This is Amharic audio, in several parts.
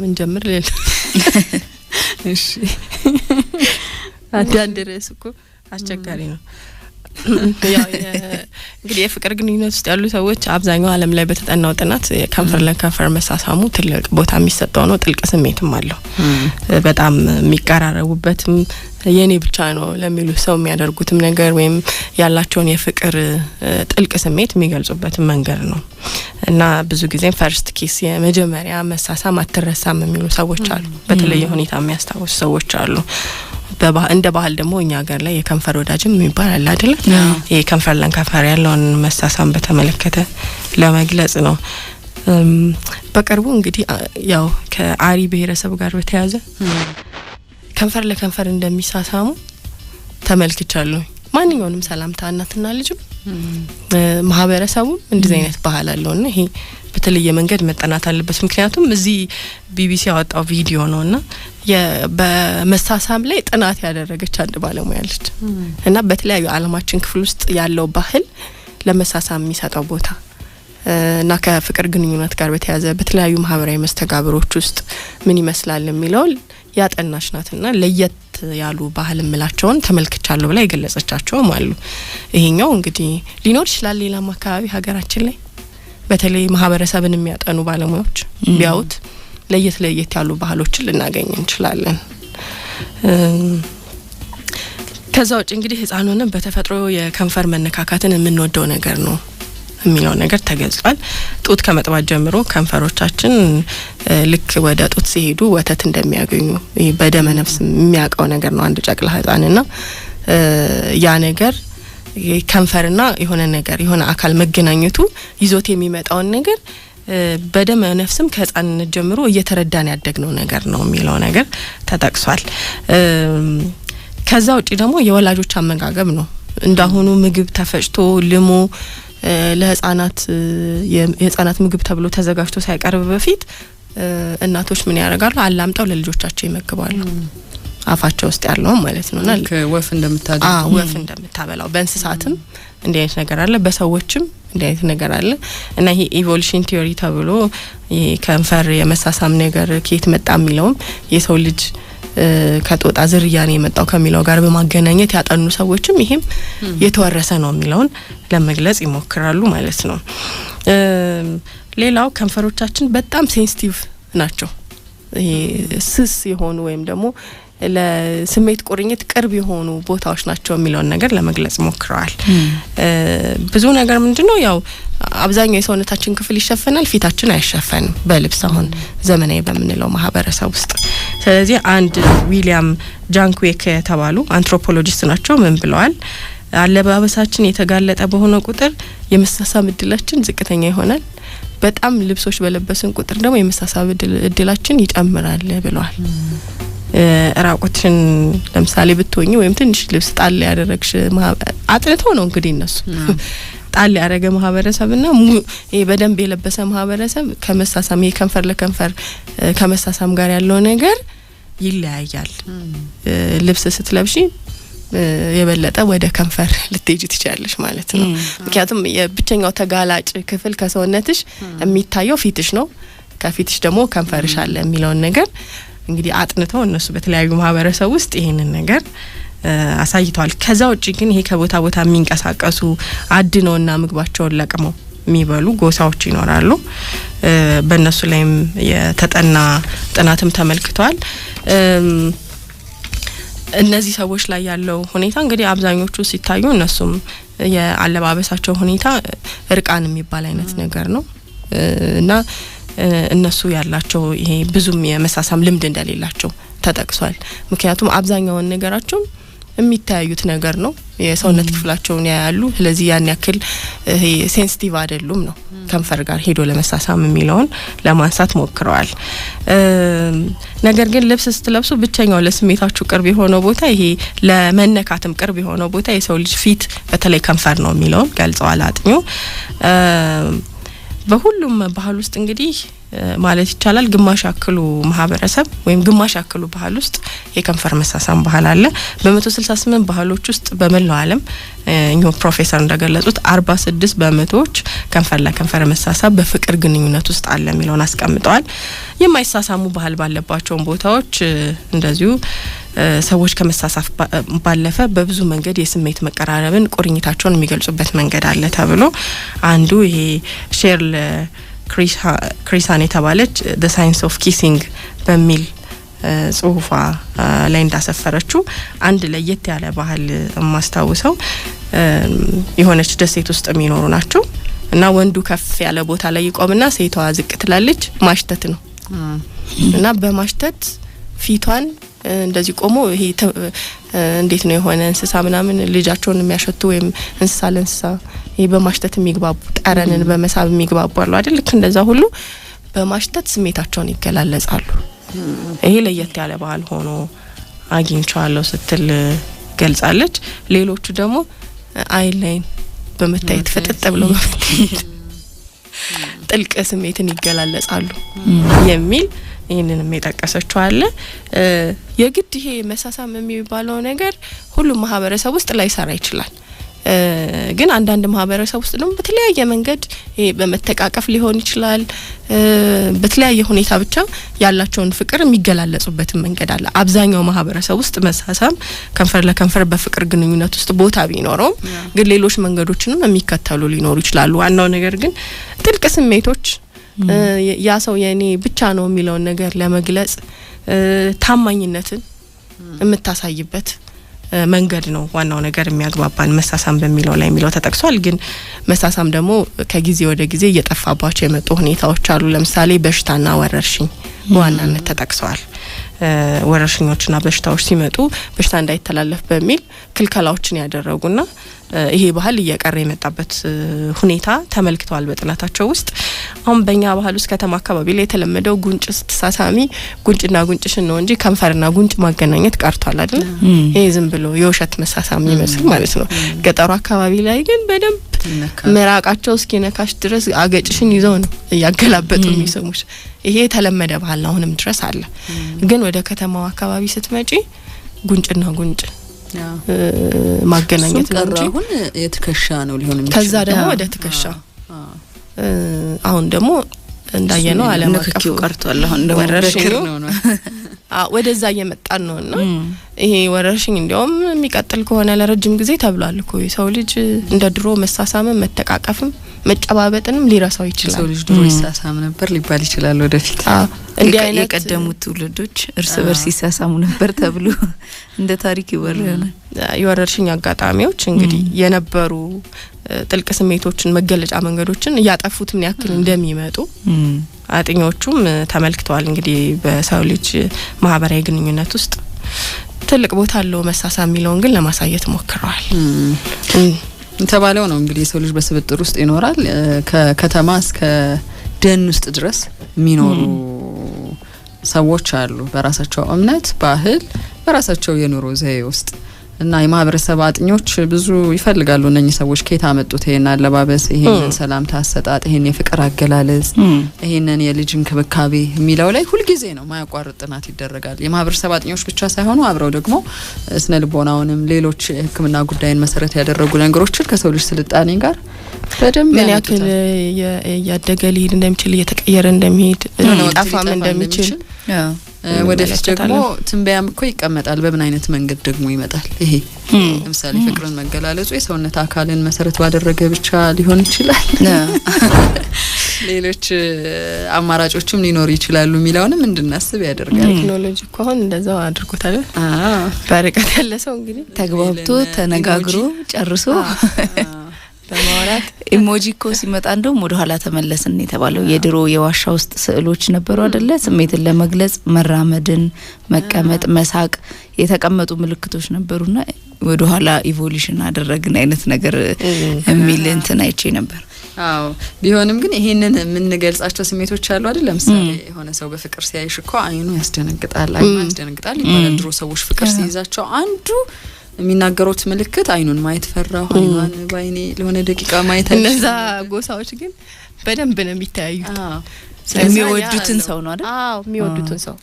ምን ጀምር ሌላ እሺ። አንዳንድ ርዕስ እኮ አስቸጋሪ ነው። እንግዲህ የፍቅር ግንኙነት ውስጥ ያሉ ሰዎች አብዛኛው ዓለም ላይ በተጠናው ጥናት ከንፈር ለከንፈር መሳሳሙ ትልቅ ቦታ የሚሰጠው ነው። ጥልቅ ስሜትም አለው። በጣም የሚቀራረቡበትም የኔ ብቻ ነው ለሚሉ ሰው የሚያደርጉትም ነገር ወይም ያላቸውን የፍቅር ጥልቅ ስሜት የሚገልጹበትም መንገድ ነው እና ብዙ ጊዜም ፈርስት ኪስ የመጀመሪያ መሳሳም አትረሳም የሚሉ ሰዎች አሉ። በተለየ ሁኔታ የሚያስታውሱ ሰዎች አሉ። እንደ ባህል ደግሞ እኛ ሀገር ላይ የከንፈር ወዳጅም የሚባል አለ አይደለ? ይህ ከንፈር ለንከንፈር ያለውን መሳሳም በተመለከተ ለመግለጽ ነው። በቅርቡ እንግዲህ ያው ከአሪ ብሔረሰብ ጋር በተያያዘ ከንፈር ለከንፈር እንደሚሳሳሙ ተመልክቻለሁ። ማንኛውንም ሰላምታ እናትና ልጅም ማህበረሰቡም እንደዚህ አይነት ባህል እና ይሄ በተለየ መንገድ መጠናት አለበት። ምክንያቱም እዚህ ቢቢሲ ያወጣው ቪዲዮ ነው እና በመሳሳም ላይ ጥናት ያደረገች አንድ ባለሙያ ልጅ እና በተለያዩ ዓለማችን ክፍል ውስጥ ያለው ባህል ለመሳሳም የሚሰጠው ቦታ እና ከፍቅር ግንኙነት ጋር በተያያዘ በተለያዩ ማህበራዊ መስተጋብሮች ውስጥ ምን ይመስላል የሚለውን ያጠናች ናትና ለየት ያሉ ባህል ምላቸውን ተመልክቻለሁ ብላ የገለጸቻቸውም አሉ። ይሄኛው እንግዲህ ሊኖር ይችላል ሌላም አካባቢ ሀገራችን ላይ በተለይ ማህበረሰብን የሚያጠኑ ባለሙያዎች ቢያዩት ለየት ለየት ያሉ ባህሎችን ልናገኝ እንችላለን። ከዛ ውጭ እንግዲህ ህጻኑንም በተፈጥሮ የከንፈር መነካካትን የምንወደው ነገር ነው። የሚለው ነገር ተገልጿል። ጡት ከመጥባት ጀምሮ ከንፈሮቻችን ልክ ወደ ጡት ሲሄዱ ወተት እንደሚያገኙ በደመ ነፍስ የሚያውቀው ነገር ነው አንድ ጨቅላ ህጻንና ያ ነገር ከንፈርና የሆነ ነገር የሆነ አካል መገናኘቱ ይዞት የሚመጣውን ነገር በደመ ነፍስም ከህጻንነት ጀምሮ እየተረዳን ያደግነው ነገር ነው የሚለው ነገር ተጠቅሷል። ከዛ ውጪ ደግሞ የወላጆች አመጋገብ ነው። እንዳሁኑ ምግብ ተፈጭቶ ልሞ ለህጻናት የህጻናት ምግብ ተብሎ ተዘጋጅቶ ሳይቀርብ በፊት እናቶች ምን ያደርጋሉ? አላምጠው ለልጆቻቸው ይመግባሉ። አፋቸው ውስጥ ያለው ማለት ነውና ወፍ እንደምታደርገው ወፍ እንደምታበላው በእንስሳትም እንዲህ አይነት ነገር አለ፣ በሰዎችም እንዲህ አይነት ነገር አለ እና ይሄ ኢቮሉሽን ቲዮሪ ተብሎ ይሄ ከንፈር የመሳሳም ነገር ከየት መጣ የሚለውም የሰው ልጅ ከጦጣ ዝርያ ነው የመጣው ከሚለው ጋር በማገናኘት ያጠኑ ሰዎችም ይሄም የተወረሰ ነው የሚለውን ለመግለጽ ይሞክራሉ ማለት ነው። ሌላው ከንፈሮቻችን በጣም ሴንስቲቭ ናቸው። ስስ የሆኑ ወይም ደግሞ ለስሜት ቁርኝት ቅርብ የሆኑ ቦታዎች ናቸው የሚለውን ነገር ለመግለጽ ሞክረዋል። ብዙ ነገር ምንድነው ያው አብዛኛው የሰውነታችን ክፍል ይሸፈናል፣ ፊታችን አይሸፈንም በልብስ አሁን ዘመናዊ በምንለው ማህበረሰብ ውስጥ። ስለዚህ አንድ ዊሊያም ጃንክዌክ የተባሉ አንትሮፖሎጂስት ናቸው ምን ብለዋል? አለባበሳችን የተጋለጠ በሆነ ቁጥር የመሳሳብ እድላችን ዝቅተኛ ይሆናል። በጣም ልብሶች በለበስን ቁጥር ደግሞ የመሳሳብ እድላችን ይጨምራል ብለዋል። ራቆችን ለምሳሌ ብትሆኝ ወይም ትንሽ ልብስ ጣል ያደረግሽ አጥንተው ነው እንግዲህ እነሱ ጣል ያደረገ ና በደንብ የለበሰ ማህበረሰብ ከመሳሳም ከንፈር ለከንፈር ከመሳሳም ጋር ያለው ነገር ይለያያል። ልብስ ስትለብሺ የበለጠ ወደ ከንፈር ልትሄጅ ትችላለሽ ማለት ነው። ምክንያቱም የብቸኛው ተጋላጭ ክፍል ከሰውነትሽ የሚታየው ፊትሽ ነው። ከፊትሽ ደግሞ ከንፈርሽ አለ የሚለውን ነገር እንግዲህ አጥንተው እነሱ በተለያዩ ማህበረሰብ ውስጥ ይህንን ነገር አሳይተዋል። ከዛ ውጭ ግን ይሄ ከቦታ ቦታ የሚንቀሳቀሱ አድነውና ምግባቸውን ለቅመው የሚበሉ ጎሳዎች ይኖራሉ። በእነሱ ላይም የተጠና ጥናትም ተመልክቷል። እነዚህ ሰዎች ላይ ያለው ሁኔታ እንግዲህ አብዛኞቹ ሲታዩ እነሱም የአለባበሳቸው ሁኔታ እርቃን የሚባል አይነት ነገር ነው እና እነሱ ያላቸው ይሄ ብዙም የመሳሳም ልምድ እንደሌላቸው ተጠቅሷል። ምክንያቱም አብዛኛውን ነገራቸውን የሚተያዩት ነገር ነው። የሰውነት ክፍላቸውን ያያሉ። ስለዚህ ያን ያክል ሴንስቲቭ አይደሉም ነው ከንፈር ጋር ሄዶ ለመሳሳም የሚለውን ለማንሳት ሞክረዋል። ነገር ግን ልብስ ስትለብሱ ብቸኛው ለስሜታችሁ ቅርብ የሆነው ቦታ ይሄ ለመነካትም ቅርብ የሆነው ቦታ የሰው ልጅ ፊት በተለይ ከንፈር ነው የሚለውን ገልጸዋል አጥኚው። በሁሉም ባህል ውስጥ እንግዲህ ማለት ይቻላል ግማሽ አክሉ ማህበረሰብ ወይም ግማሽ አክሉ ባህል ውስጥ የከንፈር መሳሳም ባህል አለ። በ168 ባህሎች ውስጥ በመላው ዓለም እኛ ፕሮፌሰር እንደገለጹት 46 በመቶዎች ከንፈር ለከንፈር መሳሳብ በፍቅር ግንኙነት ውስጥ አለ የሚለውን አስቀምጠዋል። የማይሳሳሙ ባህል ባለባቸውን ቦታዎች እንደዚሁ ሰዎች ከመሳሳፍ ባለፈ በብዙ መንገድ የስሜት መቀራረብን ቁርኝታቸውን የሚገልጹበት መንገድ አለ ተብሎ አንዱ ይሄ ሼርል ክሪሳን የተባለች ደ ሳይንስ ኦፍ ኪሲንግ በሚል ጽሁፏ ላይ እንዳሰፈረችው አንድ ለየት ያለ ባህል የማስታውሰው የሆነች ደሴት ውስጥ የሚኖሩ ናቸው እና ወንዱ ከፍ ያለ ቦታ ላይ ይቆምና ሴቷ ዝቅ ትላለች። ማሽተት ነው እና በማሽተት ፊቷን እንደዚህ ቆሞ ይሄ እንዴት ነው የሆነ እንስሳ ምናምን ልጃቸውን የሚያሸቱ ወይም እንስሳ ለእንስሳ ይሄ በማሽተት የሚግባቡ ጠረንን በመሳብ የሚግባቡ አሉ አይደል? ልክ እንደዛ ሁሉ በማሽተት ስሜታቸውን ይገላለጻሉ። ይሄ ለየት ያለ ባህል ሆኖ አግኝቼዋለሁ ስትል ገልጻለች። ሌሎቹ ደግሞ አይን ላይን በመታየት ፍጥጥ ብሎ መፍትሄት ጥልቅ ስሜትን ይገላለጻሉ የሚል ይህንንም የጠቀሰችው አለ። የግድ ይሄ መሳሳም የሚባለው ነገር ሁሉም ማህበረሰብ ውስጥ ላይሰራ ይችላል። ግን አንዳንድ ማህበረሰብ ውስጥ ደግሞ በተለያየ መንገድ በመተቃቀፍ ሊሆን ይችላል፣ በተለያየ ሁኔታ ብቻ ያላቸውን ፍቅር የሚገላለጹበትን መንገድ አለ። አብዛኛው ማህበረሰብ ውስጥ መሳሳም ከንፈር ለከንፈር በፍቅር ግንኙነት ውስጥ ቦታ ቢኖረውም ግን ሌሎች መንገዶችንም የሚከተሉ ሊኖሩ ይችላሉ። ዋናው ነገር ግን ጥልቅ ስሜቶች ያ ሰው የእኔ ብቻ ነው የሚለውን ነገር ለመግለጽ ታማኝነትን የምታሳይበት መንገድ ነው ዋናው ነገር የሚያግባባን መሳሳም በሚለው ላይ የሚለው ተጠቅሷል። ግን መሳሳም ደግሞ ከጊዜ ወደ ጊዜ እየጠፋባቸው የመጡ ሁኔታዎች አሉ። ለምሳሌ በሽታና ወረርሽኝ በዋናነት ተጠቅሰዋል። ወረርሽኞችና በሽታዎች ሲመጡ በሽታ እንዳይተላለፍ በሚል ክልከላዎችን ያደረጉና ይሄ ባህል እየቀረ የመጣበት ሁኔታ ተመልክተዋል በጥናታቸው ውስጥ። አሁን በእኛ ባህል ውስጥ ከተማ አካባቢ ላይ የተለመደው ጉንጭ ስትሳሳሚ ጉንጭና ጉንጭሽን ነው እንጂ ከንፈርና ጉንጭ ማገናኘት ቀርቷል አይደል? ይሄ ዝም ብሎ የውሸት መሳሳም ይመስል ማለት ነው። ገጠሩ አካባቢ ላይ ግን በደንብ ምራቃቸው እስኪነካሽ ድረስ አገጭሽን ይዘው ነው እያገላበጡ የሚስሙሽ። ይሄ የተለመደ ባህል አሁንም ድረስ አለ። ግን ወደ ከተማው አካባቢ ስትመጪ ጉንጭና ጉንጭ ማገናኘት ነው እንጂ አሁን የትከሻ ነው ሊሆን የሚችለው። ከዛ ደግሞ ወደ ትከሻ አሁን ደግሞ እንዳየ ነው ዓለም አቀፍ ቀርቷል። አሁን ወደዛ እየመጣን ነው ነውና ይሄ ወረርሽኝ እንዲያውም የሚቀጥል ከሆነ ለረጅም ጊዜ ተብሏል እኮ የሰው ልጅ እንደ ድሮ መሳሳምም መተቃቀፍም መጨባበጥንም ሊረሳው ይችላል። ሰው ልጅ ድሮ ይሳሳም ነበር ሊባል ይችላል ወደፊት። እንዲህ አይነት የቀደሙት ትውልዶች እርስ በርስ ይሳሳሙ ነበር ተብሎ እንደ ታሪክ ይወራ የወረርሽኝ አጋጣሚዎች እንግዲህ የነበሩ ጥልቅ ስሜቶችን መገለጫ መንገዶችን እያጠፉት ምን ያክል እንደሚመጡ አጥኚዎቹም ተመልክተዋል። እንግዲህ በሰው ልጅ ማህበራዊ ግንኙነት ውስጥ ትልቅ ቦታ አለው መሳሳ የሚለውን ግን ለማሳየት ሞክረዋል። የተባለው ነው እንግዲህ የሰው ልጅ በስብጥር ውስጥ ይኖራል። ከከተማ እስከ ደን ውስጥ ድረስ የሚኖሩ ሰዎች አሉ። በራሳቸው እምነት፣ ባህል፣ በራሳቸው የኑሮ ዘዬ ውስጥ እና የማህበረሰብ አጥኞች ብዙ ይፈልጋሉ። እነኚህ ሰዎች ከየት አመጡት ይሄን አለባበስ፣ ይሄንን ሰላምታ አሰጣጥ፣ ይሄን የፍቅር አገላለጽ፣ ይሄንን የልጅ እንክብካቤ የሚለው ላይ ሁልጊዜ ነው ማያቋርጥ ጥናት ይደረጋል። የማህበረሰብ አጥኞች ብቻ ሳይሆኑ አብረው ደግሞ ስነ ልቦናውንም ሌሎች የህክምና ጉዳይን መሰረት ያደረጉ ነገሮችን ከሰው ልጅ ስልጣኔ ጋር በደንብ ምን ያክል እያደገ ሊሄድ እንደሚችል እየተቀየረ እንደሚሄድ ሊጠፋም እንደሚችል ወደፊት ደግሞ ትንበያም እኮ ይቀመጣል። በምን አይነት መንገድ ደግሞ ይመጣል? ይሄ ለምሳሌ ፍቅርን መገላለጹ የሰውነት አካልን መሰረት ባደረገ ብቻ ሊሆን ይችላል፣ ሌሎች አማራጮችም ሊኖሩ ይችላሉ የሚለውንም እንድናስብ ያደርጋል። ቴክኖሎጂ እኮ አሁን እንደዛው አድርጎታል። በርቀት ያለ ሰው እንግዲህ ተግባብቶ ተነጋግሮ ጨርሶ በማውራት ኢሞጂ እኮ ሲመጣ እንደውም ወደ ኋላ ተመለስን የተባለው የድሮ የዋሻ ውስጥ ስዕሎች ነበሩ አደለ? ስሜትን ለመግለጽ መራመድን፣ መቀመጥ፣ መሳቅ የተቀመጡ ምልክቶች ነበሩና ወደ ኋላ ኢቮሉሽን አደረግን አይነት ነገር የሚል እንትን አይቼ ነበር። አዎ ቢሆንም ግን ይሄንን የምንገልጻቸው ስሜቶች አሉ አይደል? ለምሳሌ የሆነ ሰው በፍቅር ሲያይሽ እኮ አይኑ ያስደነግጣል፣ አይኑ ያስደነግጣል ይባላል። ድሮ ሰዎች ፍቅር ሲይዛቸው አንዱ የሚናገሩት ምልክት አይኑን ማየት ፈራሁ፣ አይኗን በአይኔ ለሆነ ደቂቃ ማየት። እነዛ ጎሳዎች ግን በደንብ ነው የሚተያዩት። የሚወዱትን ሰው ነው አይደል? አዎ፣ የሚወዱትን ሰው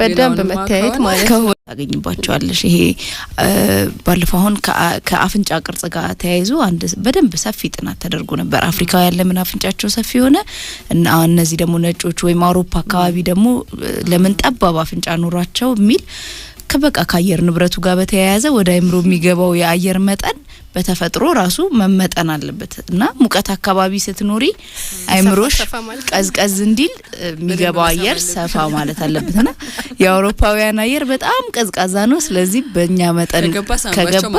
በደንብ መተያየት ማለት ነው። ታገኝባቸዋለሽ። ይሄ ባለፈው አሁን ከአፍንጫ ቅርጽ ጋር ተያይዞ አንድ በደንብ ሰፊ ጥናት ተደርጎ ነበር። ያለ ለምን አፍንጫቸው ሰፊ ሆነ እና እነዚህ ደግሞ ነጮች ወይም አውሮፓ አካባቢ ደግሞ ለምን ጠባብ አፍንጫ ኑሯቸው የሚል ከበቃ ከአየር ንብረቱ ጋር በተያያዘ ወደ አይምሮ የሚገባው የአየር መጠን በተፈጥሮ ራሱ መመጠን አለበት እና ሙቀት አካባቢ ስትኖሪ አይምሮሽ ቀዝቀዝ እንዲል የሚገባው አየር ሰፋ ማለት አለበት እና የአውሮፓውያን አየር በጣም ቀዝቃዛ ነው። ስለዚህ በእኛ መጠን ከገባ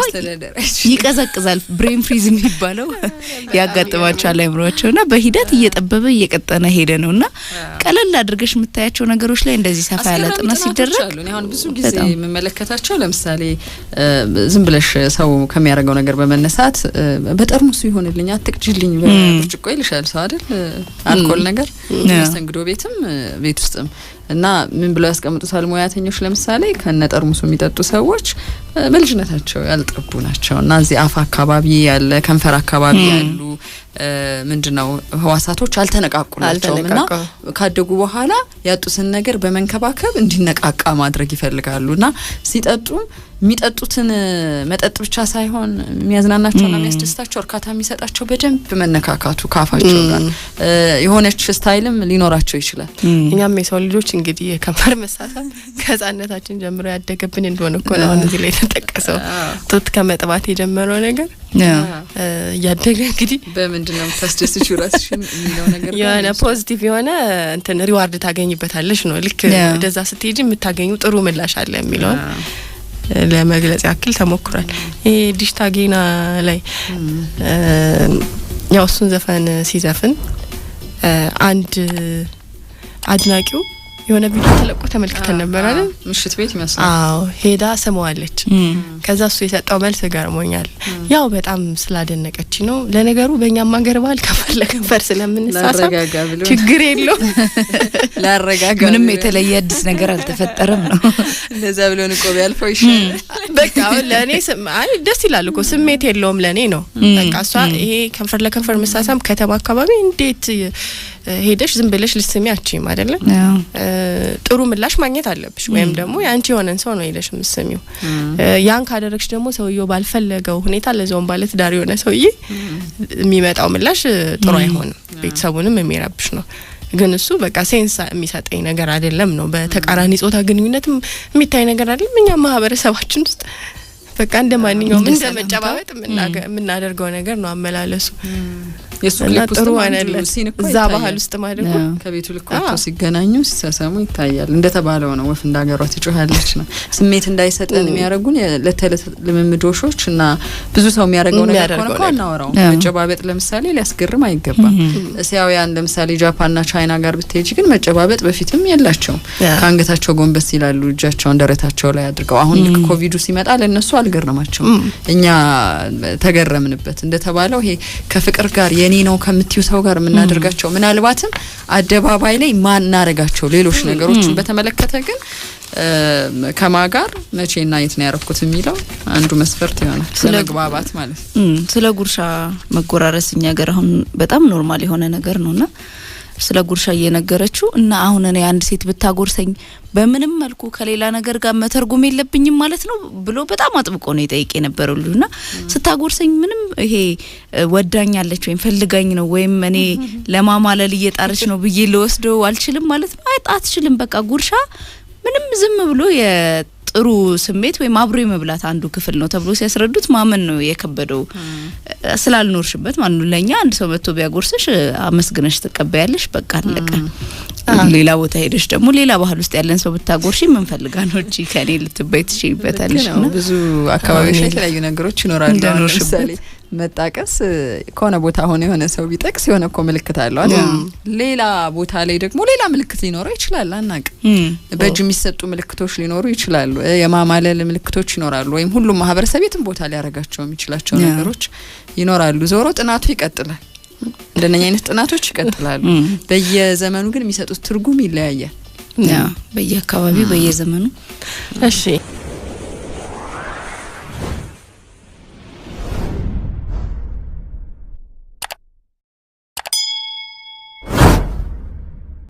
ይቀዘቅዛል። ብሬን ፍሪዝ የሚባለው ያጋጥማቸዋል አይምሮቸው እና በሂደት እየጠበበ እየቀጠነ ሄደ ነው እና ቀለል አድርገሽ የምታያቸው ነገሮች ላይ እንደዚህ ሰፋ ያለ ጥናት ሲደረግ ብዙ ጊዜ የምመለከታቸው ለምሳሌ ዝም ብለሽ ሰው ከሚያደርገው ነገር በመነሳት በጠርሙሱ ይሆንልኝ አትቅጅልኝ ብርጭቆ ይልሻል ሰው አይደል? አልኮል ነገር መስተንግዶ ቤትም ቤት ውስጥም እና ምን ብለው ያስቀምጡታል ሙያተኞች ለምሳሌ ከነ ጠርሙሱ የሚጠጡ ሰዎች በልጅነታቸው ያልጠቡ ናቸው እና እዚህ አፍ አካባቢ ያለ ከንፈር አካባቢ ያሉ ነው ህዋሳቶች አልተነቃቁ ናቸው እና ካደጉ በኋላ ያጡትን ነገር በመንከባከብ እንዲነቃቃ ማድረግ ይፈልጋሉ እና ሲጠጡም የሚጠጡትን መጠጥ ብቻ ሳይሆን የሚያዝናናቸውና የሚያስደስታቸው እርካታ የሚሰጣቸው በደንብ መነካካቱ ካፋቸው ጋር የሆነች ስታይልም ሊኖራቸው ይችላል። እኛም የሰው ልጆች እንግዲህ የከንፈር መሳሳት ከህጻነታችን ጀምሮ ያደገብን እንደሆነ እኮ ነው አሁን እዚህ ላይ የተጠቀሰው። ጡት ከመጥባት የጀመረው ነገር እያደገ እንግዲህ በምንድን ነው የምታስደስችው ራስሽን የሚለው ነገር የሆነ ፖዚቲቭ የሆነ እንትን ሪዋርድ ታገኝበታለሽ ነው። ልክ እንደዛ ስትሄጂ የምታገኙ ጥሩ ምላሽ አለ የሚለውን ለመግለጽ ያክል ተሞክሯል። ይህ ዲሽታ ጌና ላይ ያው እሱን ዘፈን ሲዘፍን አንድ አድናቂው የሆነ ቪዲዮ ተለቆ ተመልክተን ነበር አይደል? ምሽት ቤት ይመስላል። አዎ ሄዳ ሰማዋለች። ከዛ እሱ የሰጠው መልስ ገርሞኛል። ያው በጣም ስላደነቀች ነው። ለነገሩ በእኛም ሀገር ባህል ከንፈር ለከንፈር ስለምንሳሳብ ችግር የለውም። ላረጋጋ ምንም የተለየ አዲስ ነገር አልተፈጠረም ነው። እንደዛ ብሎን እኮ ቢያልፈው ይሻላል። በቃ ለእኔ አይ ደስ ይላል እኮ ስሜት የለውም ለእኔ ነው። በቃ እሷ ይሄ ከንፈር ለከንፈር መሳሳም ከተማ አካባቢ እንዴት ሄደሽ ዝም ብለሽ ልስሚ አችም አይደለም ጥሩ ምላሽ ማግኘት አለብሽ። ወይም ደግሞ የአንቺ የሆነን ሰው ነው ሄደሽ የምትስሚው። ያን ካደረግሽ ደግሞ ሰውየው ባልፈለገው ሁኔታ ለዛውን ባለ ትዳር የሆነ ሰውዬ የሚመጣው ምላሽ ጥሩ አይሆንም፣ ቤተሰቡንም የሚረብሽ ነው። ግን እሱ በቃ ሴንስ የሚሰጠኝ ነገር አይደለም ነው። በተቃራኒ ጾታ ግንኙነትም የሚታይ ነገር አይደለም። እኛ ማህበረሰባችን ውስጥ በቃ እንደ ማንኛውም እንደ መጨባበጥ የምናደርገው ነገር ነው አመላለሱ። የእሱ ክሊፕ ውስጥ እዛ ባህል ውስጥ ማለት ከቤቱ ልክ ሲገናኙ ሲሳሳሙ ይታያል። እንደተባለው ነው፣ ወፍ እንዳገሯ ትጮኻለች ነው። ስሜት እንዳይሰጠን የሚያደርጉን የዕለት ልምምዶሾች እና ብዙ ሰው የሚያደርገው ነገር ሆነ እኮ አናወራውም። መጨባበጥ ለምሳሌ ሊያስገርም አይገባም። እስያውያን ለምሳሌ ጃፓንና ቻይና ጋር ብትሄጂ ግን መጨባበጥ በፊትም የላቸውም። ከአንገታቸው ጎንበስ ይላሉ፣ እጃቸውን ደረታቸው ላይ አድርገው። አሁን ልክ ኮቪዱ ሲመጣ ለእነሱ አልገረማቸውም። እኛ ተገረምንበት። እንደተባለው ይሄ ከፍቅር ጋር የኔ ነው ከምትዩ ሰው ጋር የምናደርጋቸው ምናልባትም አደባባይ ላይ ማናረጋቸው ሌሎች ነገሮችን በተመለከተ ግን ከማ ጋር መቼና የት ነው ያረኩት የሚለው አንዱ መስፈርት ይሆናል። ስለመግባባት ማለት ስለ ጉርሻ መጎራረስ እኛ አሁን በጣም ኖርማል የሆነ ነገር ነውና ስለ ጉርሻ እየነገረችው እና አሁን እኔ አንድ ሴት ብታጎርሰኝ በምንም መልኩ ከሌላ ነገር ጋር መተርጎም የለብኝም ማለት ነው ብሎ በጣም አጥብቆ ነው የጠየቅ የነበረው ልጁ እና ስታጎርሰኝ ምንም ይሄ ወዳኛለች ወይም ፈልጋኝ ነው ወይም እኔ ለማማለል እየጣረች ነው ብዬ ልወስደው አልችልም ማለት ነው። አትችልም በቃ ጉርሻ ምንም ዝም ብሎ ጥሩ ስሜት ወይም አብሮ የመብላት አንዱ ክፍል ነው ተብሎ ሲያስረዱት ማመን ነው የከበደው። ስላልኖርሽበት ማለት ነው። ለእኛ አንድ ሰው መጥቶ ቢያጎርስሽ አመስግነሽ ትቀበያለሽ። በቃ አለቀ። ሌላ ቦታ ሄደሽ ደግሞ ሌላ ባህል ውስጥ ያለን ሰው ብታጎርሽ ምን ፈልጋ ነው እጂ ከኔ ልትበይ ትችይበታለሽ። ብዙ አካባቢዎች ላይ የተለያዩ ነገሮች ይኖራሉ። ለምሳሌ መጣቀስ ከሆነ ቦታ ሆነ የሆነ ሰው ቢጠቅስ የሆነ እኮ ምልክት አለው አይደል? ሌላ ቦታ ላይ ደግሞ ሌላ ምልክት ሊኖረው ይችላል። አናቅ በእጅ የሚሰጡ ምልክቶች ሊኖሩ ይችላሉ። የማማለል ምልክቶች ይኖራሉ። ወይም ሁሉም ማህበረሰብ የትም ቦታ ሊያረጋቸው የሚችላቸው ነገሮች ይኖራሉ። ዞሮ ጥናቱ ይቀጥላል። እንደነኛ አይነት ጥናቶች ይቀጥላሉ። በየዘመኑ ግን የሚሰጡት ትርጉም ይለያያል። በየአካባቢው በየዘመኑ እሺ